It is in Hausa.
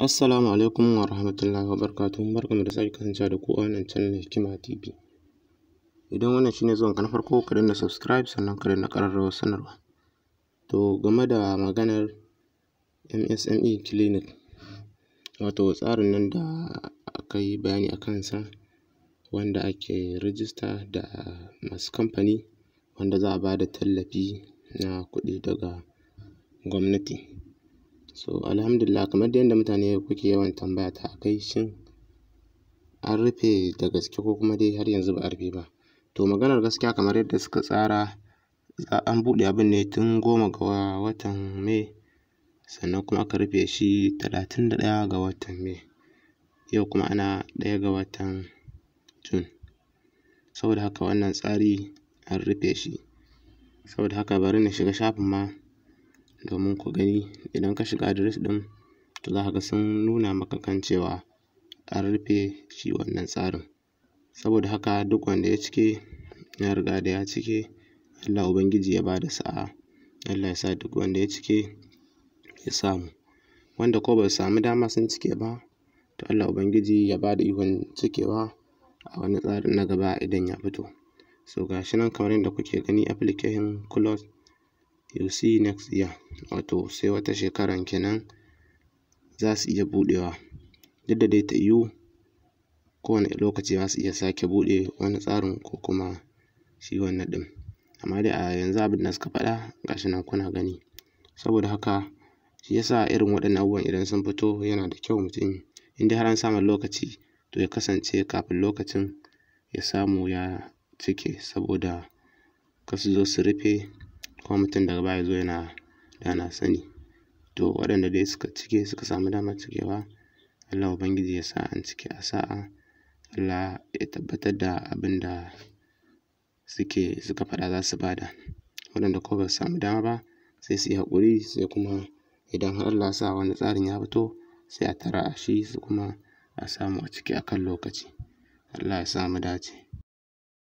Assalamu alaikum wa rahmatullahi wa barakatuhu barkanmu da sake kasancewa da ku a wannan channel Hikima TV idan wannan shine zuwan ka na farko ka danna subscribe sannan ka danna ƙararrawar sanarwa to game da maganar MSME clinic wato tsarin nan da aka yi bayani a kansa wanda ake rijista da masu kamfani wanda za a ba da tallafi na kuɗi daga gwamnati so alhamdulillah kamar yadda mutane kuke yawan tambaya ta kai shin an rufe da gaske ko kuma dai har yanzu ba a rufe ba to maganar gaskiya kamar yadda suka tsara an buɗe abin ne tun goma ga watan mai sannan kuma aka rufe shi talatin da ɗaya ga watan mai yau kuma ana ɗaya ga watan jun saboda haka wannan tsari an rufe shi saboda haka bari na shiga shafin ma domin ku gani idan ka shiga adres ɗin to za ka ga sun nuna maka kan cewa an rufe shi wannan tsarin saboda haka duk wanda ya cike ya riga da ya cike Allah Ubangiji ya bada sa'a Allah ya sa duk wanda ya cike ya samu wanda ko ba samu dama sun cike ba to Allah Ubangiji ya bada ikon cikewa a wani tsarin na gaba idan ya fito so gashi shi nan kamar yadda kuke gani application close you see next year wato sai wata shekaran kenan za su iya buɗewa duk da dai ta yiwu kowane lokaci za su iya sake buɗe wani tsarin ko kuma shi wannan ɗin amma dai a yanzu abin da suka faɗa ga shi nan kuna gani saboda haka shi yasa irin waɗannan abubuwan idan sun fito yana da kyau mutum in dai har an samu lokaci to ya kasance kafin lokacin ya samu ya cike saboda kar su zo su rufe kuma mutum daga baya zo yana da na sani to waɗanda dai suka cike suka samu damar cikewa Allah Ubangiji ya sa an cike a sa'a Allah ya tabbatar da abin da suke suka faɗa za su bada waɗanda ko ba su samu dama ba sai su yi haƙuri sai kuma idan har Allah sa wani tsarin ya fito sai a tara shi su kuma a samu a ciki kan lokaci Allah ya samu dace